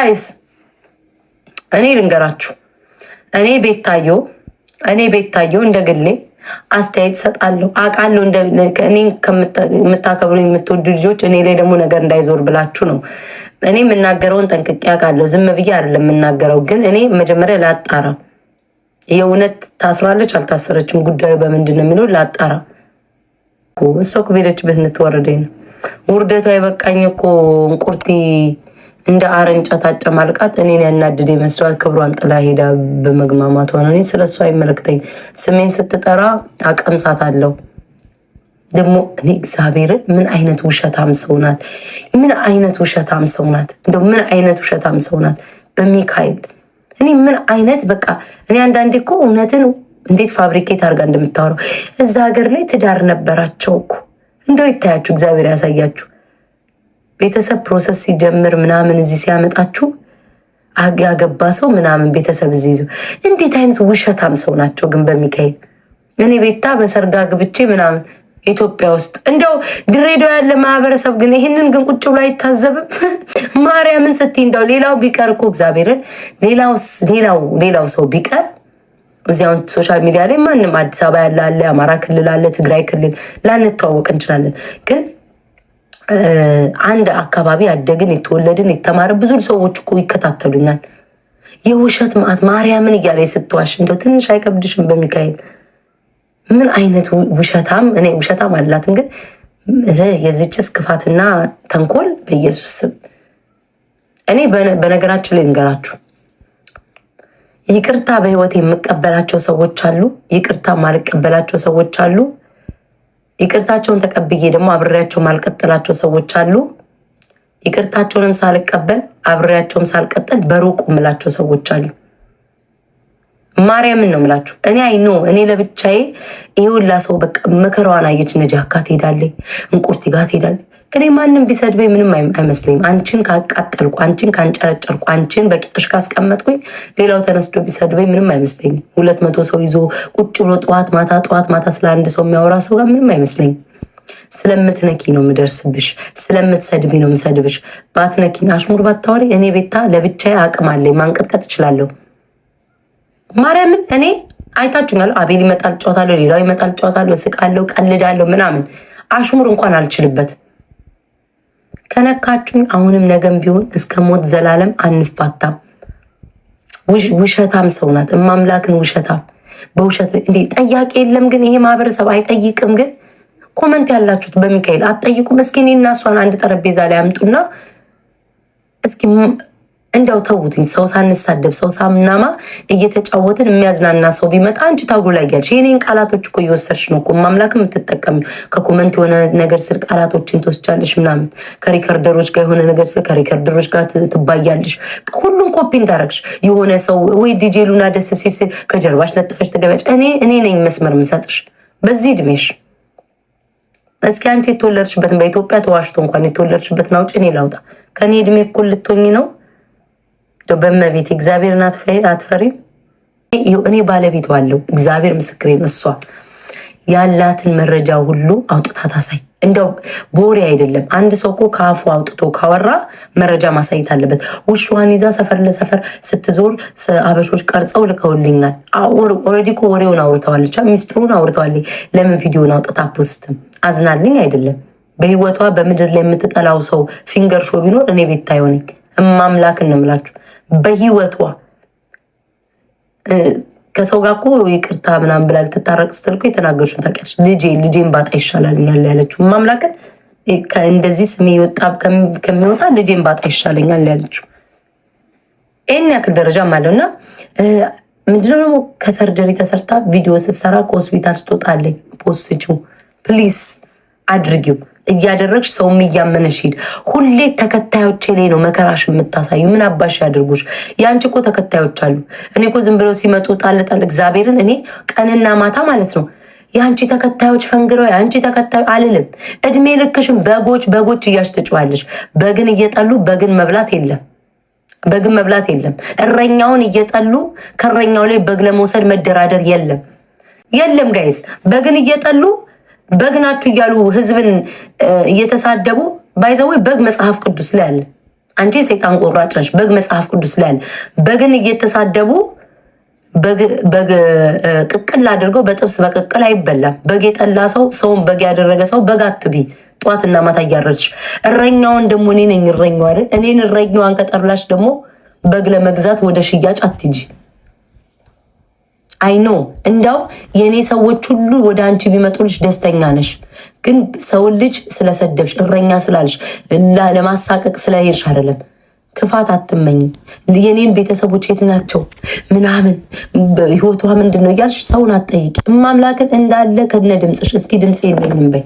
ጋይስ እኔ ልንገራችሁ፣ እኔ ቤታዮ እኔ ቤታዮ እንደ ግሌ አስተያየት ሰጣለሁ አውቃለሁ። እኔ ከምታከብሩ የምትወዱ ልጆች እኔ ላይ ደግሞ ነገር እንዳይዞር ብላችሁ ነው። እኔ የምናገረውን ጠንቅቄ አውቃለሁ። ዝም ብዬ አይደለም የምናገረው። ግን እኔ መጀመሪያ ላጣራ፣ የእውነት ታስራለች አልታሰረችም፣ ጉዳዩ በምንድን ነው የሚለው ላጣራ። እሷ እኮ ብህንት እንትወረደኝ ነው ውርደቷ የበቃኝ እኮ እንቁርቲ እንደ አረንጫ ማልቃት እኔን ያናድድ መስሏት ክብሯን ጥላ ሄዳ በመግማማት ሆነ እኔ ስለሱ አይመለክተኝ። ስሜን ስትጠራ አለው ደግሞ እኔ እግዚአብሔርን ምን አይነት ውሸታም ሰው ናት! ምን አይነት ውሸታም ሰው ናት! እንደው ምን አይነት ውሸታም ሰው ናት! በሚካኤል እኔ ምን አይነት በቃ እኔ አንዳንዴ እኮ እውነትን እንዴት ፋብሪኬት አድርጋ እንደምታወራው እዛ ሀገር ላይ ትዳር ነበራቸው እኮ እንደው ይታያችሁ፣ እግዚአብሔር ያሳያችሁ። ቤተሰብ ፕሮሰስ ሲጀምር ምናምን እዚህ ሲያመጣችሁ ያገባ ሰው ምናምን ቤተሰብ እዚህ ይዞ እንዴት አይነት ውሸታም ሰው ናቸው ግን በሚካሄድ እኔ ቤታ በሰርጋ ግብቼ ምናምን ኢትዮጵያ ውስጥ እንዲያው ድሬዳዋ ያለ ማህበረሰብ ግን ይህንን ግን ቁጭ ብሎ አይታዘብም። ማርያምን ስትይ እንዲያው ሌላው ቢቀር እኮ እግዚአብሔርን ሌላው ሰው ቢቀር እዚያውን ሶሻል ሚዲያ ላይ ማንም አዲስ አበባ ያለ አለ፣ አማራ ክልል አለ፣ ትግራይ ክልል ላንተዋወቅ እንችላለን ግን አንድ አካባቢ ያደግን የተወለድን የተማረ ብዙ ሰዎች እኮ ይከታተሉኛል። የውሸት መዓት ማርያምን እያለ ስትዋሽ እንደው ትንሽ አይከብድሽም? በሚካኤል ምን አይነት ውሸታም እኔ ውሸታም አላትም፣ ግን የዝጭስ ክፋትና ተንኮል በኢየሱስ ስም እኔ በነገራችን ላይ ንገራችሁ ይቅርታ በህይወት የምቀበላቸው ሰዎች አሉ፣ ይቅርታ ማልቀበላቸው ሰዎች አሉ። ይቅርታቸውን ተቀብዬ ደግሞ አብሬያቸው ማልቀጠላቸው ሰዎች አሉ። ይቅርታቸውንም ሳልቀበል አብሬያቸውም ሳልቀጠል በሩቁ ምላቸው ሰዎች አሉ። ማርያምን ነው ምላችሁ። እኔ አይኖ እኔ ለብቻዬ ይሄ ሁላ ሰው በቃ መከራዋን አየች። ነጃካ ትሄዳለች፣ እንቁርቲ ጋር ትሄዳለች እኔ ማንም ቢሰድበኝ ምንም አይመስለኝም። አንቺን ካቃጠልኩ፣ አንቺን ካንጨረጨርኩ፣ አንቺን በቂጥሽ ካስቀመጥኩኝ ሌላው ተነስዶ ቢሰድበኝ ምንም አይመስለኝም። ሁለት መቶ ሰው ይዞ ቁጭ ብሎ ጠዋት ማታ ጠዋት ማታ ስለ አንድ ሰው የሚያወራ ሰው ጋር ምንም አይመስለኝም። ስለምትነኪ ነው የምደርስብሽ፣ ስለምትሰድቢ ነው የምሰድብሽ። ባትነኪኝ፣ አሽሙር ባታወሪ፣ እኔ ቤታ ለብቻዬ አቅም አለኝ፣ ማንቀጥቀጥ እችላለሁ። ማርያምን እኔ አይታችሁኛል። አቤል ይመጣል፣ ጨዋታለሁ፣ ሌላው ይመጣል፣ ጨዋታለሁ፣ ስቃለሁ፣ ቀልዳለሁ ምናምን። አሽሙር እንኳን አልችልበት ከነካችሁኝ አሁንም ነገም ቢሆን እስከ ሞት ዘላለም አንፋታም። ውሸታም ሰው ናት እማምላክን ውሸታም በውሸት እንዴ ጠያቂ የለም ግን ይሄ ማህበረሰብ አይጠይቅም ግን ኮመንት ያላችሁት በሚካኤል አትጠይቁም እስኪ እኔ እና እሷን አንድ ጠረጴዛ ላይ አምጡና እስኪ እንደው ተውትኝ። ሰው ሳንሳደብ ሰው ሳምናማ እየተጫወትን የሚያዝናና ሰው ቢመጣ አንቺ ታጉ ላይ ታጉላጊያለሽ። የኔን ቃላቶች እኮ እየወሰድሽ ነው እኮ ማምላክ የምትጠቀም ከኮመንት የሆነ ነገር ስር ቃላቶችን ትወስጃለሽ ምናምን፣ ከሪከርደሮች ጋር የሆነ ነገር ስር ከሪከርደሮች ጋር ትባያለሽ። ሁሉም ኮፒ እንዳረግሽ የሆነ ሰው ወይ ዲጄ ሉና ደስ ሲል ሲል ከጀርባሽ ለጥፈሽ ትገቢያለሽ። እኔ እኔ ነኝ መስመር የምሰጥሽ በዚህ እድሜሽ። እስኪ አንቺ የተወለድሽበትን በኢትዮጵያ ተዋሽቶ እንኳን የተወለድሽበትን አውጪ፣ እኔ ላውጣ። ከእኔ እድሜ እኮ ልትሆኚ ነው በመቤት እግዚአብሔርን አትፈሪም? እኔ ባለቤት ዋለው እግዚአብሔር ምስክሬ ነው። እሷ ያላትን መረጃ ሁሉ አውጥታ ታሳይ። እንደው ቦሬ አይደለም። አንድ ሰው እኮ ከአፉ አውጥቶ ካወራ መረጃ ማሳየት አለበት። ውሽዋን ይዛ ሰፈር ለሰፈር ስትዞር አበሾች ቀርጸው ልከውልኛል። ኦልሬዲ እኮ ወሬውን አውርተዋለች፣ ሚስጥሩን አውርተዋለች። ለምን ቪዲዮን አውጥታ ፖስትም? አዝናልኝ አይደለም በህይወቷ በምድር ላይ የምትጠላው ሰው ፊንገር ሾ ቢኖር እኔ ቤት ታይሆነኝ እማምላክ እንምላችሁ በህይወቷ ከሰው ጋር እኮ ይቅርታ ምናምን ብላ ልትታረቅ ስትል እኮ የተናገርሽውን ታውቂያለሽ። ልጄ ልጄን ባጣ ይሻለኛል ያለችው ማምላክን እንደዚህ ስሜ ይወጣ ከሚወጣ ልጄን ባጣ ይሻለኛል ያለችው ይህን ያክል ደረጃም አለው እና ምንድነው ደግሞ ከሰርጀሪ ተሰርታ ቪዲዮ ስትሰራ ከሆስፒታል ስትወጣለኝ ፖስችው ፕሊስ አድርጊው እያደረግሽ ሰውም እያመነሽ ሂድ። ሁሌ ተከታዮቼ ላይ ነው መከራሽ የምታሳዩ። ምን አባሽ ያድርጉሽ? የአንቺ እኮ ተከታዮች አሉ። እኔ እኮ ዝም ብለው ሲመጡ ጣልጣል እግዚአብሔርን እኔ ቀንና ማታ ማለት ነው የአንቺ ተከታዮች ፈንግረው የአንቺ ተከታዮ አልልም። እድሜ ልክሽም በጎች በጎች እያሽ ትጫዋለሽ። በግን እየጠሉ በግን መብላት የለም በግን መብላት የለም። እረኛውን እየጠሉ ከእረኛው ላይ በግ ለመውሰድ መደራደር የለም የለም። ጋይዝ በግን እየጠሉ በግ ናችሁ እያሉ ህዝብን እየተሳደቡ ባይዘወይ በግ መጽሐፍ ቅዱስ ላይ አለ። አንቺ ሰይጣን ቆራጭ ነሽ። በግ መጽሐፍ ቅዱስ ላይ አለ። በግን እየተሳደቡ በግ ቅቅል አድርገው በጥብስ በቅቅል አይበላም። በግ የጠላ ሰው ሰውን በግ ያደረገ ሰው በግ አትቢ። ጠዋትና ማታ እያረድሽ እረኛውን ደግሞ እኔ ነኝ እረኛው አይደል? እኔን እረኛዋን ከጠላሽ ደግሞ በግ ለመግዛት ወደ ሽያጭ አትጂ። አይኖ እንዳው የእኔ ሰዎች ሁሉ ወደ አንቺ ቢመጡልሽ ደስተኛ ነሽ። ግን ሰውን ልጅ ስለሰደብሽ እረኛ ስላልሽ ለማሳቀቅ ስለሄድሽ አይደለም። ክፋት አትመኝ። የኔን ቤተሰቦች የት ናቸው ምናምን ህይወቷ ምንድን ነው እያልሽ ሰውን አትጠይቂ። እማምላክን እንዳለ ከነ ድምፅሽ እስኪ ድምፅ የለኝም በይ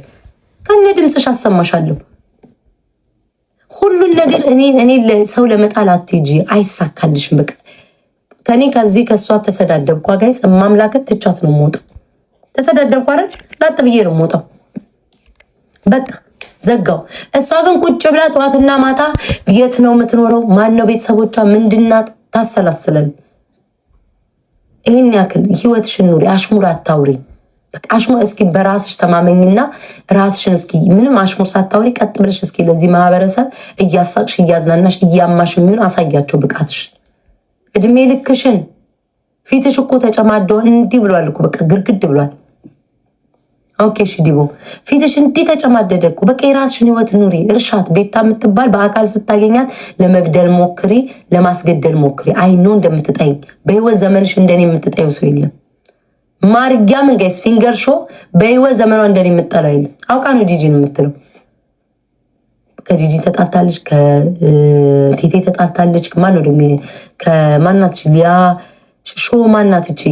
ከነ ድምፅሽ አሰማሻለሁ። ሁሉን ነገር እኔ ሰው ለመጣል አትጂ፣ አይሳካልሽም በቃ ከኔ ከዚህ ከእሷ ተሰዳደብኳ ጋይስ ማምላከት ትቻት ነው የምወጣው። ተሰዳደብኩ አይደል ላጥ ብዬ ነው የምወጣው። በቃ ዘጋው። እሷ ግን ቁጭ ብላ ጠዋትና ማታ የት ነው የምትኖረው? ማነው ቤተሰቦቿ? ምንድናት? ታሰላስለን። ይህን ያክል ህይወትሽን ኑሪ፣ አሽሙር አታውሪ። አሽሙር እስኪ በራስሽ ተማመኝና ራስሽን እስኪ ምንም አሽሙር ሳታውሪ ቀጥ ብለሽ እስኪ ለዚህ ማህበረሰብ እያሳቅሽ እያዝናናሽ እያማሽ የሚሆን አሳያቸው ብቃትሽ እድሜ ልክሽን ፊትሽ እኮ ተጨማዶ እንዲህ ብሏል እኮ በቃ ግርግድ ብሏል። ኦኬ እሺ ዲቦ ፊትሽ እንዲህ ተጨማደደ እኮ በቃ የራስሽን ህይወት ኑሪ። እርሻት ቤታ የምትባል በአካል ስታገኛት ለመግደል ሞክሪ፣ ለማስገደል ሞክሪ። አይኖ እንደምትጠይ በህይወት ዘመንሽ እንደኔ የምትጠዩ ሰው የለም። ማርጊያ መንጋይስ ፊንገር ሾ በህይወት ዘመኗ እንደኔ የምጠላው የለም። አውቃ ነው ጂጂን የምትለው ከጂጂ ተጣልታለች፣ ከቴቴ ተጣልታለች። ማን ወደ ከማናት ሊያ ሾ ማናት እቺ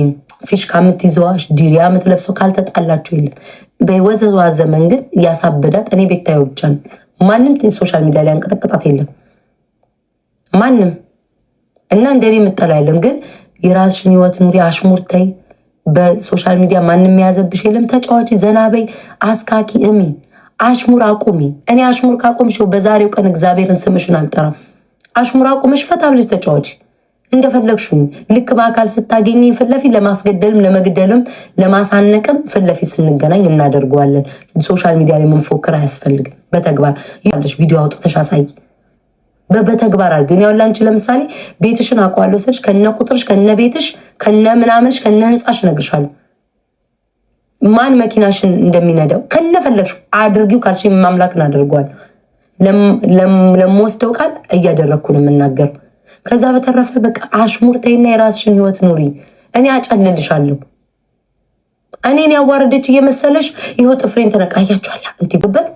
ፊሽ ከምትይዘዋ ዲሪያ የምትለብሰው ካልተጣላችሁ የለም። በወዘዋ ዘመን ግን ያሳበዳት እኔ ቤታዬ ማንም ሶሻል ሚዲያ ላይ አንቀጠቅጣት የለም ማንም እና እንደኔ የምጠላ የለም። ግን የራስሽን ህይወት ኑሪ፣ አሽሙርተይ በሶሻል ሚዲያ ማንም የያዘብሽ የለም። ተጫዋች፣ ዘናበይ፣ አስካኪ እሚ አሽሙር አቁሚ። እኔ አሽሙር ካቆምሽው በዛሬው ቀን እግዚአብሔርን ስምሽን አልጠራም። አሽሙር አቁመሽ ፈታ ብለሽ ተጫዋች እንደፈለግሽኝ ልክ በአካል ስታገኝ ፍለፊ ለማስገደልም ለመግደልም ለማሳነቅም ፍለፊ ስንገናኝ እናደርገዋለን። ሶሻል ሚዲያ ላይ መንፎክር አያስፈልግም። በተግባር ያለሽ ቪዲዮ አውጥተሽ አሳይ። በተግባር አድርጊ። እኔ አሁን ለአንቺ ለምሳሌ ቤትሽን አውቀዋለሁ ስልሽ ከነ ቁጥርሽ ከነ ቤትሽ ከነ ምናምንሽ ከነ ህንፃሽ እነግርሻለሁ። ማን መኪናሽን እንደሚነዳው ከነፈለግሽ አድርጊው ካልሽ ማምላክን አድርጓል። ለምወስደው ቃል እያደረግኩ ነው የምናገር። ከዛ በተረፈ በቃ አሽሙር ተይና የራስሽን ህይወት ኑሪ። እኔ አጨልልሻለሁ። እኔን ያዋረደች እየመሰለሽ ይኸው ጥፍሬን ተነቃያቸኋላ እንዲጉበት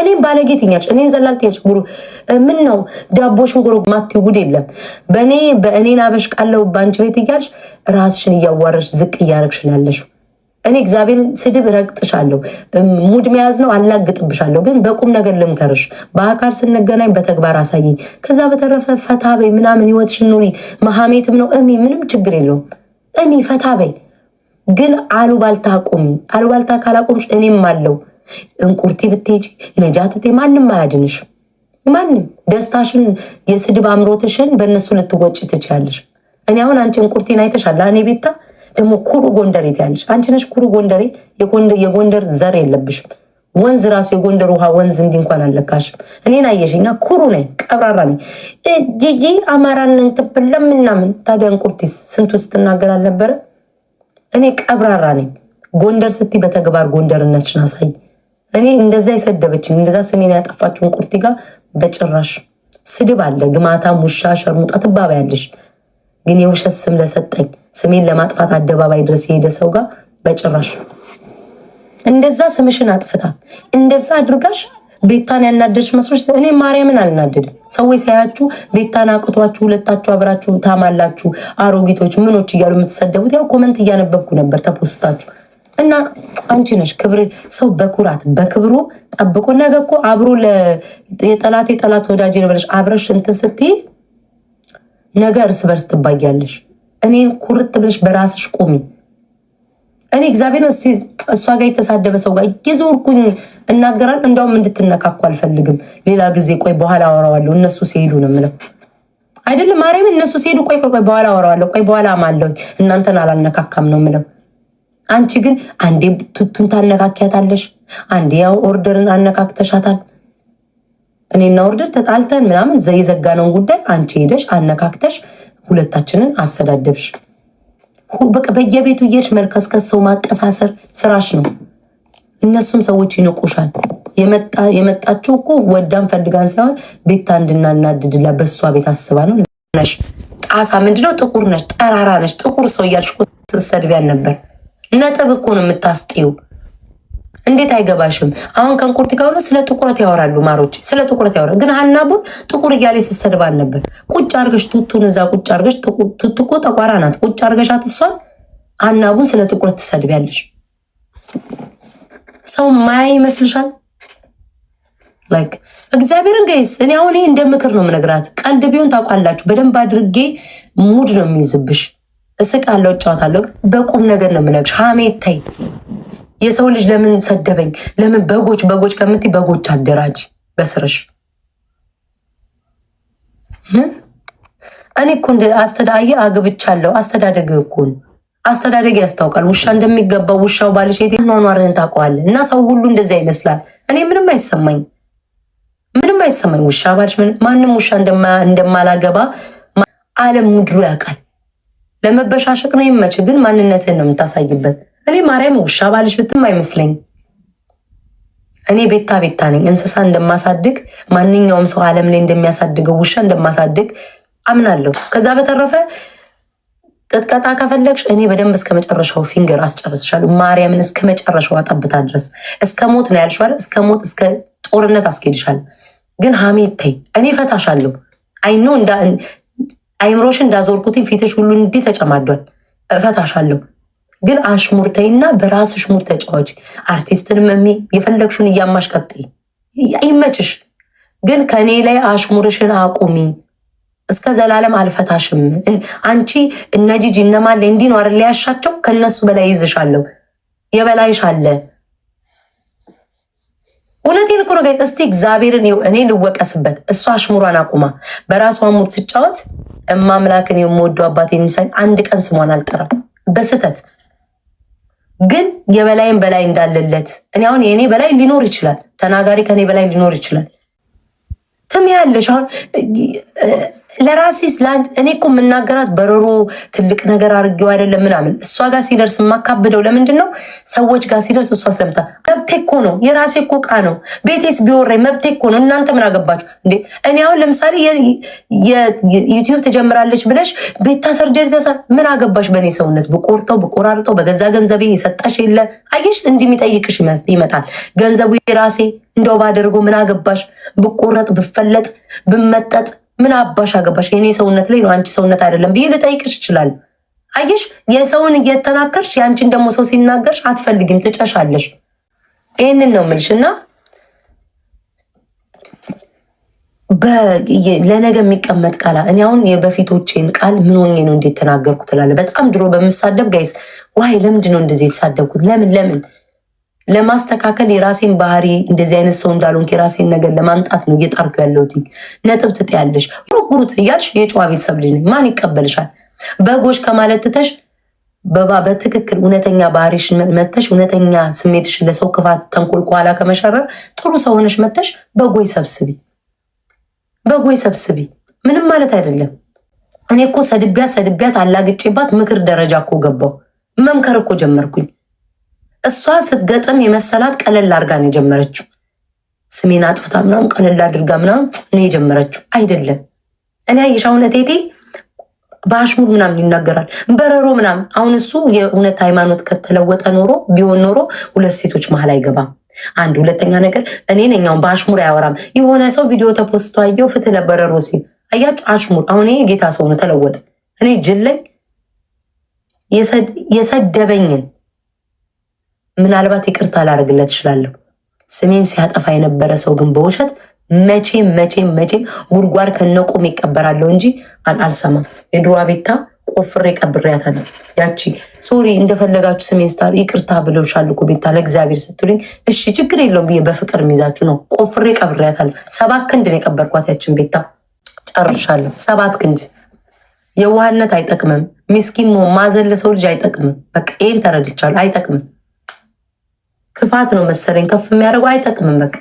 እኔም ባለጌ ትኛለሽ፣ እኔን ዘላል ትኛለሽ። ጉሩ ምን ነው ዳቦሽን ጎሮ ማትይው ጉድ የለም። በእኔ በእኔን አበሽቃለሁ በአንቺ ቤት እያልሽ ራስሽን እያዋረሽ ዝቅ እያረግሽን ነው ያለሽው። እኔ እግዚአብሔር ስድብ ረግጥሻለሁ፣ ሙድ መያዝ ነው አላግጥብሻለሁ። ግን በቁም ነገር ልምከርሽ፣ በአካል ስንገናኝ በተግባር አሳየኝ ከዛ በተረፈ ፈታ በይ ምናምን ህይወትሽን ኑሪ። መሐሜትም ነው እሚ ምንም ችግር የለውም እሚ ፈታ በይ። ግን አሉባልታ አቁሚ። አሉባልታ ካላቆምሽ እኔም አለው እንቁርቲ ብትሄጂ ነጃት ብትሄ ማንም አያድንሽ። ማንም ደስታሽን የስድብ አምሮትሽን በእነሱ ልትጎጭ ትችያለሽ። እኔ አሁን አንቺ እንቁርቲን አይተሻል። እኔ ቤታ ደግሞ ኩሩ ጎንደሬት ትያለሽ። አንቺ ነሽ ኩሩ ጎንደሬ። የጎንደር ዘር የለብሽም። ወንዝ ራሱ የጎንደር ውሃ ወንዝ እንዲህ እንኳን አለካሽም። እኔን አየሽኛ፣ ኩሩ ነኝ፣ ቀብራራ ነኝ። ጂጂ አማራንን ትብል ለምናምን ታዲያ እንቁርቲስ ስንቱ ስትናገር አልነበረ? እኔ ቀብራራ ነኝ። ጎንደር ስቲ በተግባር ጎንደርነትሽን አሳይ። እኔ እንደዛ የሰደበችን እንደዛ ስሜን ያጠፋችውን ቁርቲ ጋር በጭራሽ ስድብ አለ። ግማታም ውሻ ሸርሙጣ ትባባያለሽ። ግን የውሸት ስም ለሰጠኝ ስሜን ለማጥፋት አደባባይ ድረስ የሄደ ሰው ጋር በጭራሽ። እንደዛ ስምሽን አጥፍታ እንደዛ አድርጋሽ ቤታን ያናደድሽ መስሎች። እኔ ማርያምን አልናደድም። ሰዎች ሳያችሁ ቤታን አቅቷችሁ ሁለታችሁ አብራችሁ ታማላችሁ፣ አሮጊቶች ምኖች እያሉ የምትሰደቡት ያው ኮመንት እያነበብኩ ነበር ተፖስታችሁ እና አንቺ ነሽ ክብር ሰው በኩራት በክብሩ ጠብቆ ነገ እኮ አብሮ የጠላት የጠላት ወዳጅ ነው ብለሽ አብረሽ እንትን ስትይ ነገ እርስ በርስ ትባያለሽ። እኔን ኩርት ብለሽ በራስሽ ቆሚ። እኔ እግዚአብሔር ስ እሷ ጋር የተሳደበ ሰው ጋር የዞርኩኝ እናገራል። እንዲያውም እንድትነካኩ አልፈልግም። ሌላ ጊዜ ቆይ፣ በኋላ አወራዋለሁ። እነሱ ሲሄዱ ነው የምለው አይደለም ማርያም፣ እነሱ ሲሄዱ ቆይ ቆይ ቆይ፣ በኋላ አወራዋለሁ። ቆይ በኋላ ማለሁ፣ እናንተን አላነካካም ነው የምለው። አንቺ ግን አንዴ ቱቱን ታነካኪያታለሽ፣ አንዴ ያው ኦርደርን አነካክተሻታል። እኔና ወርደር ተጣልተን ምናምን የዘጋነውን ጉዳይ አንቺ ሄደሽ አነካክተሽ ሁለታችንን አሰዳደብሽ። በየቤቱ እየሽ መልከስከስ፣ ሰው ማቀሳሰር ስራሽ ነው። እነሱም ሰዎች ይንቁሻል። የመጣችው እኮ ወዳን ፈልጋን ሳይሆን ቤታ እንድናናድድላ በእሷ ቤት አስባ ነው። ነሽ ጣሳ ምንድነው? ጥቁር ነሽ፣ ጠራራ ነሽ፣ ጥቁር ሰው እያልሽ ስትሰድቢያን ነበር። ነጥብ እኮ ነው የምታስጥይው። እንዴት አይገባሽም? አሁን ከንቁርቲ ከሆነ ስለ ትኩረት ያወራሉ ማሮች፣ ስለ ትኩረት ያወራሉ። ግን ሀናቡን ጥቁር እያለ ስትሰድባል ነበር። ቁጭ አርገሽ ቱቱን እዛ ቁጭ አርገሽ ቱቱኮ ጠቋራ ናት። ቁጭ አርገሻት እሷን ሀናቡን ስለ ጥቁረት ትሰድቢያለሽ። ሰው ማያ ይመስልሻል? ላይክ እግዚአብሔርን ገይስ እኔ አሁን ይሄ እንደ ምክር ነው የምነግራት። ቀልድ ቢሆን ታውቃላችሁ፣ በደንብ አድርጌ ሙድ ነው የሚይዝብሽ። እስቃለሁ፣ እጫወታለሁ። በቁም ነገር ነው የምነግርሽ። ሀሜት ተይ። የሰው ልጅ ለምን ሰደበኝ? ለምን በጎች በጎች ከምት በጎች አደራጅ በስርሽ። እኔ እኮ አስተዳየ አግብቻለሁ። አስተዳደግ እኮ አስተዳደግ ያስታውቃል። ውሻ እንደሚገባው ውሻው ባልሽ ኗኗርህን ታውቀዋለህ። እና ሰው ሁሉ እንደዚያ ይመስላል። እኔ ምንም አይሰማኝ ምንም አይሰማኝ። ውሻ ባልሽ ማንም ውሻ እንደማላገባ ዓለም ምድሩ ያውቃል። ለመበሻሸቅ ነው ይመች፣ ግን ማንነትህን ነው የምታሳይበት። እኔ ማርያም ውሻ ባልሽ ብትም አይመስለኝ። እኔ ቤታ ቤታ ነኝ። እንስሳ እንደማሳድግ ማንኛውም ሰው ዓለም ላይ እንደሚያሳድገው ውሻ እንደማሳድግ አምናለሁ። ከዛ በተረፈ ቅጥቀጣ ከፈለግሽ እኔ በደንብ እስከ መጨረሻው ፊንገር አስጨርስሻለሁ። ማርያምን እስከ መጨረሻው ጠብታ ድረስ እስከ ሞት ነው ያልሽዋል። እስከ ሞት እስከ ጦርነት አስኬድሻል። ግን ሀሜት እኔ ፈታሻለሁ። አይኖ አይምሮሽ እንዳዞርኩትኝ ፊትሽ ሁሉ እንዲህ ተጨማዷል። እፈታሻለሁ። ግን አሽሙርተይና በራስሽ ሽሙር ተጫዋች አርቲስትን መሚ የፈለግሽን እያማሽ ቀጥይ፣ ይመችሽ። ግን ከኔ ላይ አሽሙርሽን አቁሚ። እስከ ዘላለም አልፈታሽም። አንቺ እነ ጂጂ እነማለ እንዲህ ነው አይደል ያሻቸው። ከነሱ በላይ ይዝሻለሁ፣ የበላይሽ አለ። እውነቴን እኮ ነው። እስቲ እግዚአብሔርን እኔ ልወቀስበት። እሷ አሽሙሯን አቁማ በራሷ ሙር ትጫወት። እማምላክን የምወደው አባቴን አንድ ቀን ስሟን አልጠራም በስህተት። ግን የበላይን በላይ እንዳለለት እኔ አሁን የእኔ በላይ ሊኖር ይችላል። ተናጋሪ ከእኔ በላይ ሊኖር ይችላል። ትም ያለሽ አሁን ለራሴ ለአንድ እኔ እኮ የምናገራት በረሮ ትልቅ ነገር አድርጌው አይደለም ምናምን። እሷ ጋር ሲደርስ የማካብደው ለምንድን ነው? ሰዎች ጋር ሲደርስ እሷ ስለምታ መብቴ እኮ ነው። የራሴ እኮ እቃ ነው። ቤቴስ ቢወራኝ መብቴ እኮ ነው። እናንተ ምን አገባችሁ እንዴ? እኔ አሁን ለምሳሌ ዩቲዩብ ትጀምራለች ብለሽ ቤታ ሰርጀሪ ተሳ ምን አገባሽ? በእኔ ሰውነት ብቆርጠው ብቆራርጠው በገዛ ገንዘቤ የሰጠሽ የለ አየሽ፣ እንዲህ የሚጠይቅሽ ይመጣል። ገንዘቡ የራሴ እንደው ባደርጎ ምን አገባሽ? ብቆረጥ ብፈለጥ ብመጠጥ ምን አባሽ አገባሽ? የኔ ሰውነት ላይ ነው አንቺ ሰውነት አይደለም ብዬ ልጠይቅሽ ይችላል። አየሽ፣ የሰውን እየተናከርሽ የአንቺን ደግሞ ሰው ሲናገርሽ አትፈልጊም፣ ትጨሻለሽ። ይህንን ነው ምልሽ እና ለነገ የሚቀመጥ ቃል እኔ አሁን የበፊቶቼን ቃል ምን ሆኜ ነው እንዴት ተናገርኩ ትላለ። በጣም ድሮ በምሳደብ ጋይስ ዋይ፣ ለምንድን ነው እንደዚህ የተሳደብኩት? ለምን ለምን ለማስተካከል የራሴን ባህሪ እንደዚህ አይነት ሰው እንዳልሆንክ የራሴን ነገር ለማምጣት ነው እየጣርኩ ያለሁት። ነጥብ ትጥያለሽ፣ ጉሩት እያልሽ የጨዋ ቤተሰብ ልጅ ነኝ። ማን ይቀበልሻል? በጎሽ ከማለት ትተሽ በትክክል እውነተኛ ባህሪሽ መተሽ እውነተኛ ስሜትሽ ለሰው ክፋት፣ ተንኮል ከኋላ ከመሸረር ጥሩ ሰው ሆነሽ መተሽ በጎይ ሰብስቢ፣ በጎይ ሰብስቢ። ምንም ማለት አይደለም። እኔ እኮ ሰድቢያት ሰድቢያት አላግጬባት ምክር ደረጃ እኮ ገባው መምከር እኮ ጀመርኩኝ። እሷ ስትገጥም የመሰላት ቀለል አድርጋ ነው የጀመረችው። ስሜን አጥፍታ ምናምን ቀለል አድርጋ ምናምን ነው የጀመረችው አይደለም። እኔ የሻውነ ቴቴ በአሽሙር ምናምን ይናገራል በረሮ ምናምን። አሁን እሱ የእውነት ሃይማኖት ከተለወጠ ኖሮ ቢሆን ኖሮ ሁለት ሴቶች መሀል አይገባም። አንድ ሁለተኛ ነገር እኔ ነኛውን በአሽሙር አያወራም። የሆነ ሰው ቪዲዮ ተፖስቶ አየው ፍትህ ለበረሮ ሲል አያችሁ፣ አሽሙር። አሁን ጌታ ሰው ነው ተለወጠ። እኔ ጅለኝ የሰደበኝን ምናልባት ይቅርታ ላደርግለት እችላለሁ። ስሜን ሲያጠፋ የነበረ ሰው ግን በውሸት መቼም መቼም መቼም ጉድጓድ ከነቁም ይቀበራለሁ እንጂ አልሰማም። የድሮ ቤታ ቆፍሬ ቀብሬያታለሁ። ያቺ ሶሪ እንደፈለጋችሁ ስሜን ስታሉ ይቅርታ ብለውሻል እኮ ቤታ ለእግዚአብሔር ስትሉኝ እሺ ችግር የለውም ብዬ በፍቅር የሚይዛችሁ ነው። ቆፍሬ ቀብሬያታለሁ። ሰባት ክንድ ነው የቀበርኳት ያችን ቤታ። ጨርሻለሁ። ሰባት ክንድ የዋህነት አይጠቅምም። ሚስኪን ማዘን ለሰው ልጅ አይጠቅምም። በቃ ይህን ተረድቻለሁ። አይጠቅምም። ክፋት ነው መሰለኝ ከፍ የሚያደርገው አይጠቅምም። በቃ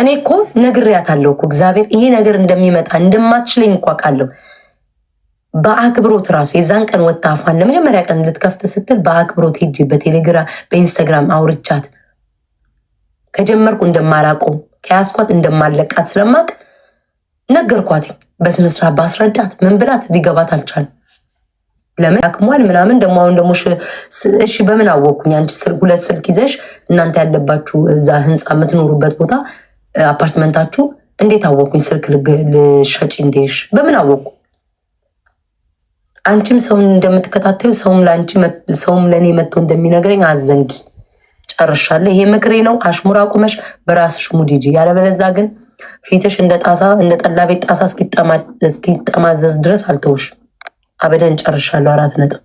እኔ እኮ ነግሬያታለሁ እኮ እግዚአብሔር ይሄ ነገር እንደሚመጣ እንደማትችለኝ እንኳ ቃለሁ በአክብሮት ራሱ የዛን ቀን ወጣ አፏን ለመጀመሪያ ቀን ልትከፍት ስትል በአክብሮት ሄጅ በቴሌግራ በኢንስታግራም አውርቻት ከጀመርኩ እንደማላቆም ከያስኳት እንደማለቃት ስለማቅ ነገርኳት። በስነስርዓት ባስረዳት ምን ብላት ሊገባት አልቻለም። ለምን አክሟል ምናምን ደግሞ አሁን ደግሞ እሺ፣ በምን አወቅኩኝ? አንቺ ሁለት ስልክ ይዘሽ እናንተ ያለባችሁ እዛ ህንፃ የምትኖሩበት ቦታ አፓርትመንታችሁ እንዴት አወቅኩኝ? ስልክ ልሸጪ እንዴሽ በምን አወቅኩ? አንቺም ሰው እንደምትከታተዩ ሰውም ለእኔ መጥቶ እንደሚነግረኝ አዘንጊ። ጨርሻለሁ። ይሄ ምክሬ ነው። አሽሙር አቁመሽ በራስሽ ሙድ ሂጂ። ያለበለዛ ግን ፊትሽ እንደ ጣሳ እንደ ጠላ ቤት ጣሳ እስኪጠማዘዝ ድረስ አልተውሽ አበደን ጨርሻለሁ። አራት ነጥብ